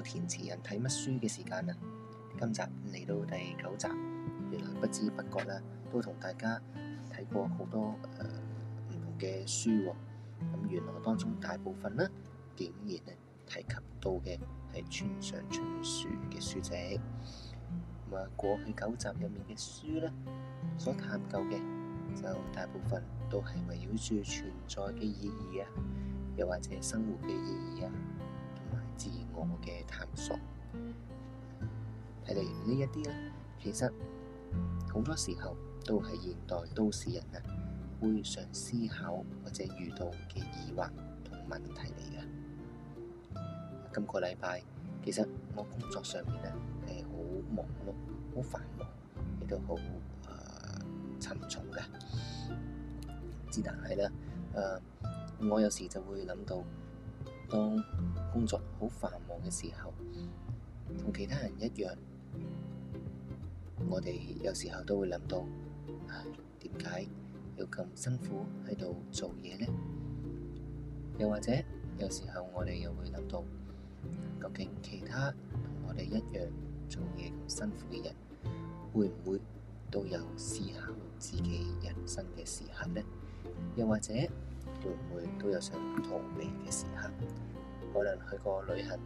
填詞人睇乜書嘅時間啊？今集嚟到第九集，原來不知不覺啦，都同大家睇過好多唔、呃、同嘅書喎、哦。咁原來當中大部分呢，竟然呢提及到嘅係村上春樹嘅書籍。咁啊，過去九集入面嘅書呢，所探究嘅就大部分都係圍繞住存在嘅意義啊，又或者生活嘅意義啊。自我嘅探索，睇嚟呢一啲咧，其實好多時候都係現代都市人啊會常思考或者遇到嘅疑惑同問題嚟嘅。今個禮拜其實我工作上面啊係好忙碌，好繁忙，亦都好、呃、沉重嘅。只但係咧誒，我有時就會諗到當。工作好繁忙嘅時候，同其他人一樣，我哋有時候都會諗到：「點解要咁辛苦喺度做嘢呢？」又或者有時候我哋又會諗到，究竟其他同我哋一樣做嘢咁辛苦嘅人，會唔會都有思考自己人生嘅時刻呢？又或者會唔會都有想逃避嘅時刻？可能去過旅行，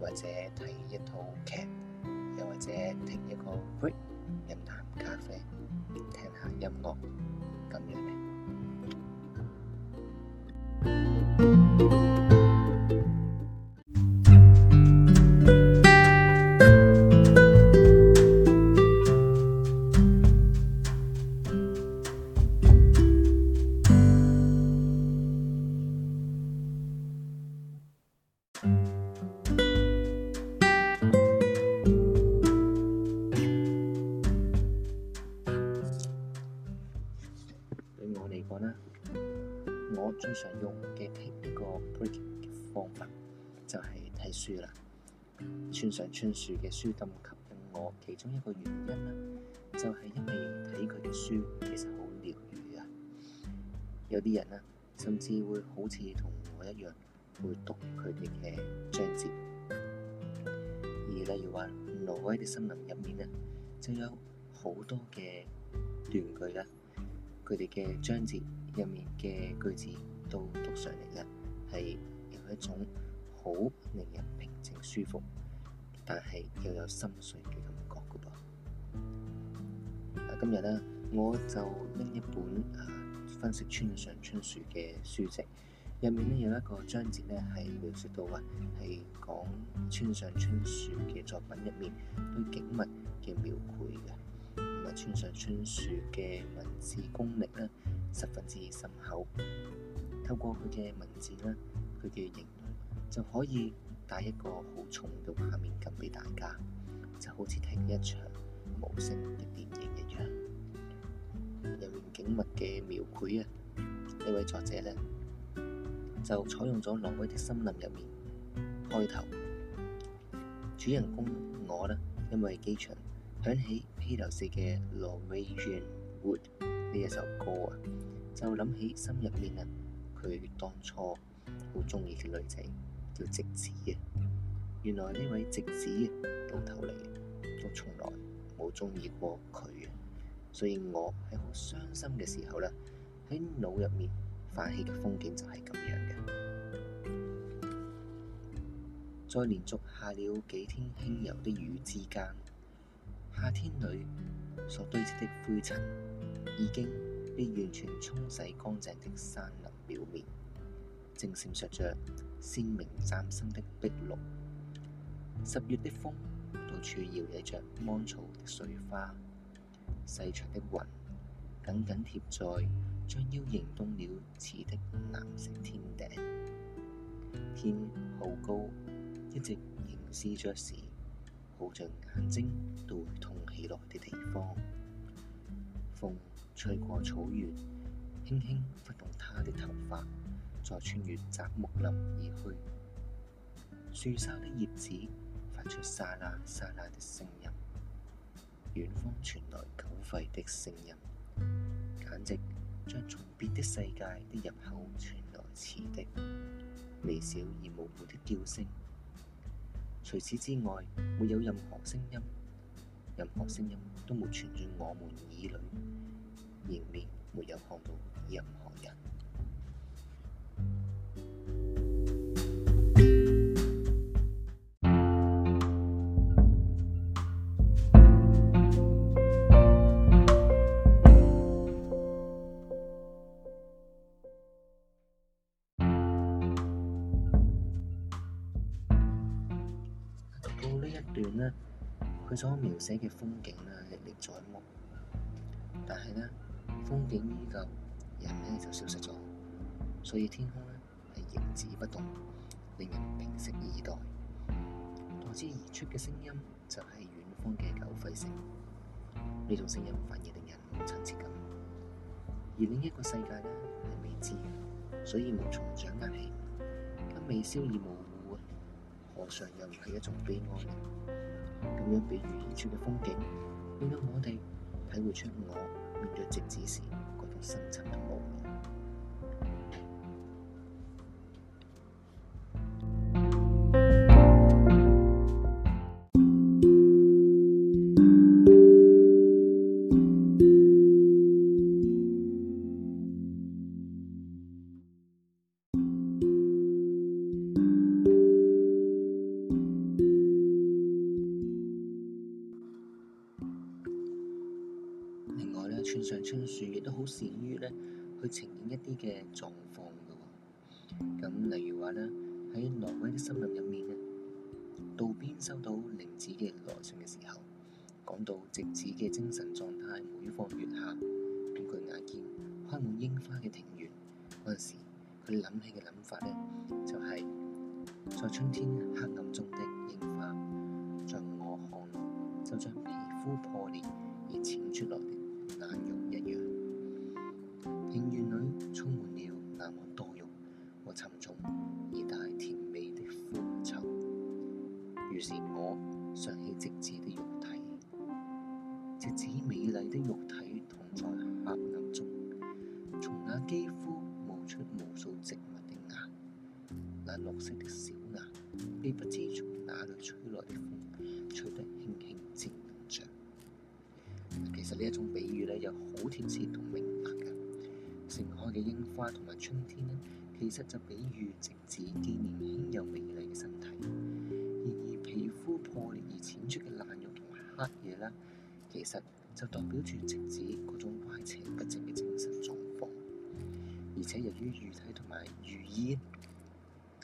或者睇一套劇，又或者聽一個 break，飲啖咖啡，聽下音樂。嚟講咧，我最常用嘅一個 b r e a k i 方法就係睇書啦。穿上穿樹嘅書咁吸引我，其中一個原因咧，就係、是、因為睇佢嘅書其實好療愈啊。有啲人呢，甚至會好似同我一樣，會讀佢哋嘅章節。而例如話，挪威嘅森林入面呢，就有好多嘅段句啦。佢哋嘅章節入面嘅句子都讀上嚟咧，係有一種好令人平靜舒服，但係又有心碎嘅感覺噶噃。啊，今日咧，我就拎一本啊分析村上春樹嘅書籍，入面咧有一個章節咧係描述到話係講村上春樹嘅作品入面對景物嘅描繪嘅。村上春樹嘅文字功力呢，十分之深厚，透過佢嘅文字呢，佢嘅形容就可以帶一個好重嘅畫面感俾大家，就好似睇一場無聲嘅電影一樣。入面景物嘅描繪啊，呢位作者呢就採用咗挪威的森林入面開頭，主人公我呢因為機場響起，《披頭四》嘅《Norwegian Wood》呢一首歌啊，就諗起心入面啊，佢當初好鍾意嘅女仔叫直子啊。原來呢位直子到頭嚟都從來冇鍾意過佢啊！所以我喺好傷心嘅時候呢，喺腦入面泛起嘅風景就係咁樣嘅。再連續下了幾天輕柔的雨之間。夏天裏所堆積的灰塵已經被完全沖洗乾淨的山林表面，正閃爍着鮮明嶄新的碧綠。十月的風到處搖曳着芒草的碎花，細長的雲緊緊貼在將要凝凍了似的藍色天頂。天好高，一直凝視着時。好像眼睛都會痛起來的地方，風吹過草原，輕輕拂動她的頭髮，再穿越雜木林而去。樹梢的葉子發出沙啦沙啦的聲音，遠方傳來狗吠的聲音，簡直像從別的世界的入口傳來似的微小而模糊的叫聲。除此之外，沒有任何聲音，任何聲音都沒傳進我們耳裏，耳面，面。所描寫嘅風景呢、啊，歷歷在目，但係呢，風景依舊，人呢，就消失咗，所以天空呢，係凝止不動，令人屏息以待。待之而出嘅聲音，就係、是、遠方嘅狗吠聲。呢種聲音反而令人冇親切感，而另一個世界呢，係未知嘅，所以無從掌握起。因未消而模糊啊，何嘗又唔係一種悲哀呢？咁樣，比如遠處嘅風景，令到我哋體會出我面對直子時。亦都好善於咧去呈現一啲嘅狀況嘅。咁例如話咧，喺挪威嘅森林入面咧，渡邊收到玲子嘅來信嘅時候，講到直子嘅精神狀態每況愈下，佢眼見開滿櫻花嘅庭園嗰陣時，佢諗起嘅諗法咧就係、是、在春天黑暗中的櫻花，在我看來就像皮膚破裂而濺出來的眼肉一樣。天色同明白嘅盛開嘅櫻花同埋春天呢，其實就比喻直子啲年輕又美麗嘅身體；然而皮膚破裂而濺出嘅爛肉同埋黑嘢啦，其實就代表住直子嗰種壞情不正嘅精神狀況。而且由於喻體同埋喻依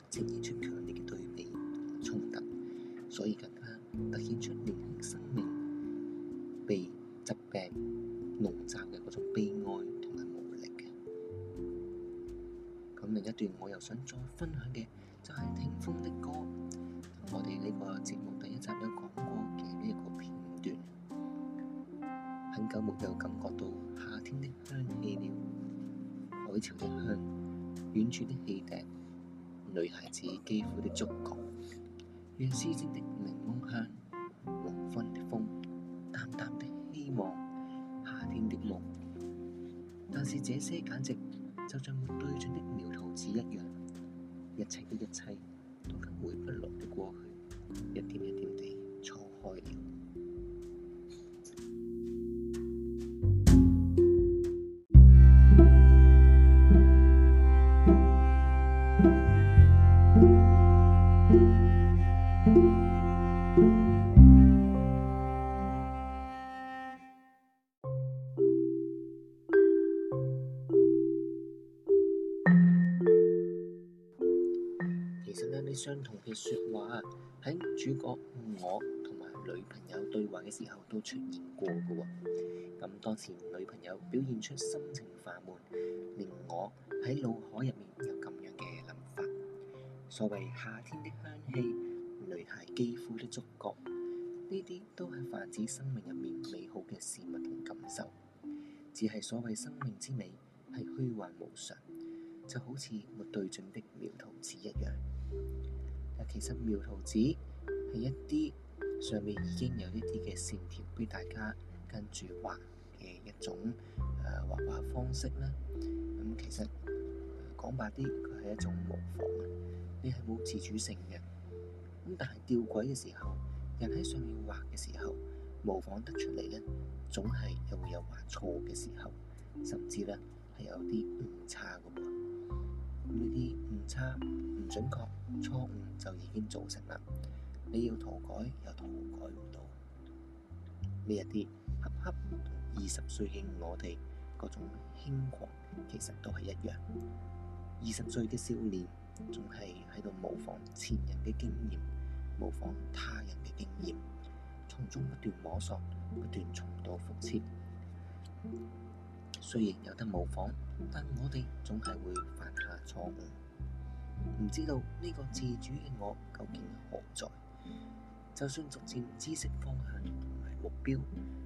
呈現出強烈嘅對比衝突，所以更加突顯出年輕生命被疾病。籠罩嘅嗰種悲哀同埋無力嘅。咁另一段我又想再分享嘅就係、是、聽風的歌，我哋呢個節目第一集有講過嘅呢一個片段。很久沒有感覺到夏天的香氣了，海潮的香，遠處的汽笛，女孩子肌膚的觸覺，一絲一滴。但是這些簡直就像沒對準的描圖紙一樣，一切的一切都跟回不來的過去，一點一點地錯開了。相同嘅說話喺主角我同埋女朋友對話嘅時候都出現過嘅喎、哦，咁當時女朋友表現出心情煩悶，令我喺腦海入面有咁樣嘅諗法。所謂夏天的香氣、女孩肌膚的觸覺，呢啲都係泛指生命入面美好嘅事物同感受。只係所謂生命之美係虛幻無常，就好似沒對準的描圖紙一樣。其實描圖紙係一啲上面已經有一啲嘅線條俾大家跟住畫嘅一種誒畫畫方式啦。咁、嗯、其實講白啲，佢係一種模仿，你係冇自主性嘅。咁但係吊詭嘅時候，人喺上面畫嘅時候，模仿得出嚟呢，總係又會有畫錯嘅時候，甚至呢，係有啲誤差嘅。呢啲誤差、唔準確、錯誤就已經造成啦。你要塗改又塗改唔到。呢一啲，恰恰同二十歲嘅我哋嗰種輕狂，其實都係一樣。二十歲嘅少年，仲係喺度模仿前人嘅經驗，模仿他人嘅經驗，從中不斷摸索，不斷重蹈覆轍。雖然有得模仿，但我哋總係會犯下錯誤。唔知道呢個自主嘅我究竟何在？就算逐漸知悉方向同埋目標，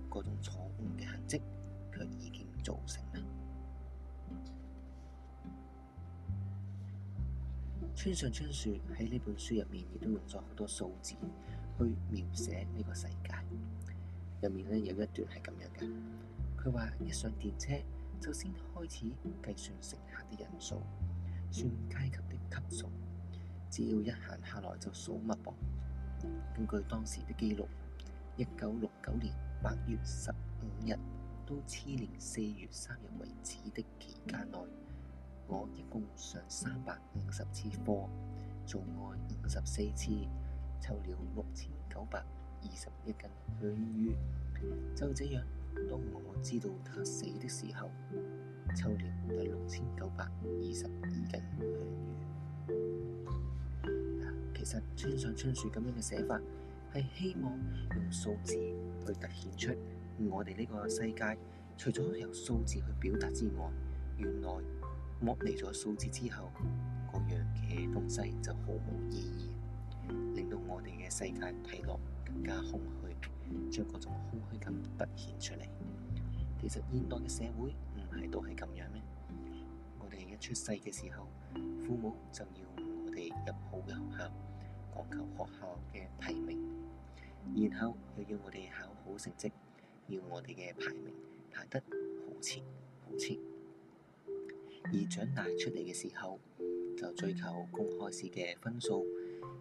嗰種錯誤嘅痕跡卻已經造成啦。村上春樹喺呢本書入面亦都用咗好多數字去描寫呢個世界。入面呢，有一段係咁樣嘅，佢話，一上電車。首先開始計算乘客的人數，算階級的級數，只要一閒下來就數脈搏。根據當時的記錄，一九六九年八月十五日到次年四月三日為止的期間內，我一共上三百五十次課，做愛五十四次，抽了六千九百二十一根香煙，就這樣。當我知道他死的時候，抽了第六千九百二十二根香煙。其實《村上春樹》咁樣嘅寫法，係希望用數字去突顯出我哋呢個世界，除咗由數字去表達之外，原來剝離咗數字之後，各樣嘅東西就毫無意義，令到我哋嘅世界睇落更加空虛。將嗰種空虛感凸顯出嚟。其實現代嘅社會唔係都係咁樣咩？我哋一出世嘅時候，父母就要我哋入好嘅學校，講求學校嘅排名，然後又要我哋考好成績，要我哋嘅排名排得好前好前。而長大出嚟嘅時候，就追求公開試嘅分數，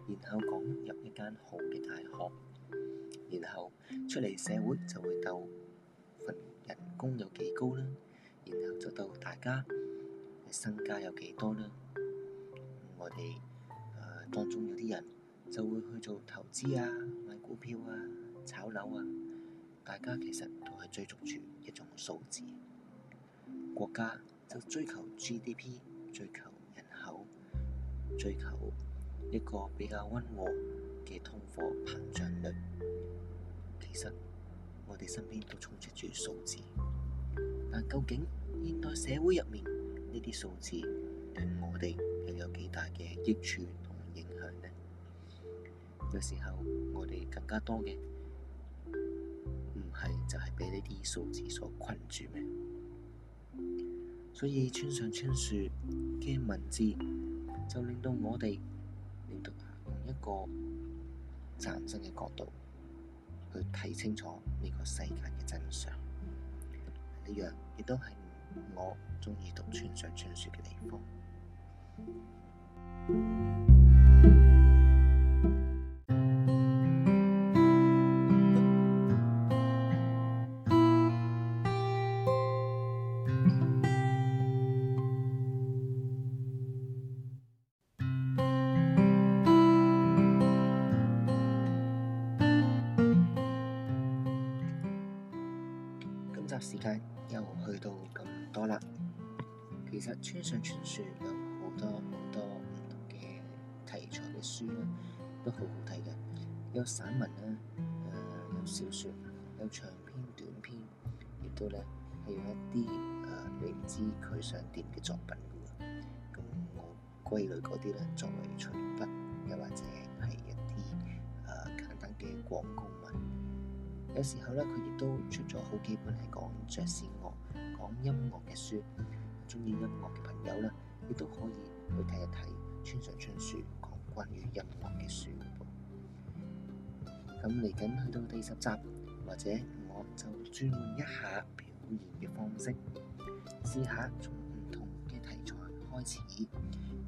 然後講入一間好嘅大學。然後出嚟社會就會鬥份人工有幾高啦，然後就鬥大家身家有幾多啦。我哋啊、呃、當中有啲人就會去做投資啊、買股票啊、炒樓啊。大家其實都係追逐住一種數字，國家就追求 GDP、追求人口、追求一個比較溫和。嘅通貨膨脹率，其實我哋身邊都充斥住數字，但究竟現代社會入面呢啲數字對我哋又有幾大嘅益處同影響呢？有時候我哋更加多嘅唔係就係畀呢啲數字所困住咩？所以村上春樹嘅文字就令到我哋令到用一個嶄新嘅角度去睇清楚呢個世界嘅真相，呢樣亦都係我中意讀村上春樹嘅地方。今集時間又去到咁多啦，其實村上春樹有好多好多唔同嘅題材嘅書咧，都好好睇嘅，有散文啦、啊，誒、呃、有小說，有長篇短篇，亦都咧係用一啲誒、呃、你唔知佢想點嘅作品噶喎，咁我歸類嗰啲咧作為隨筆。有時候咧，佢亦都出咗好幾本係講爵士樂、講音樂嘅書。中意音樂嘅朋友呢，亦都可以去睇一睇村上春樹講關於音樂嘅書。咁嚟緊去到第十集，或者我就轉換一下表現嘅方式，試下從唔同嘅題材開始，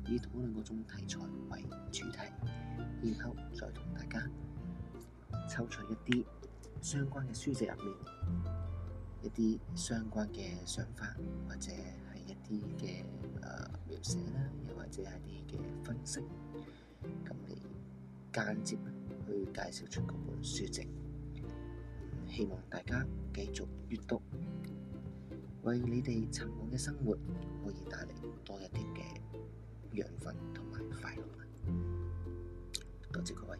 以討論嗰種題材為主題，然後再同大家抽取一啲。相關嘅書籍入面，一啲相關嘅想法，或者係一啲嘅誒描寫啦，又或者係啲嘅分析，咁你間接去介紹出嗰本書籍，希望大家繼續閱讀，為你哋尋夢嘅生活可以帶嚟多一啲嘅養分同埋快樂。多謝各位。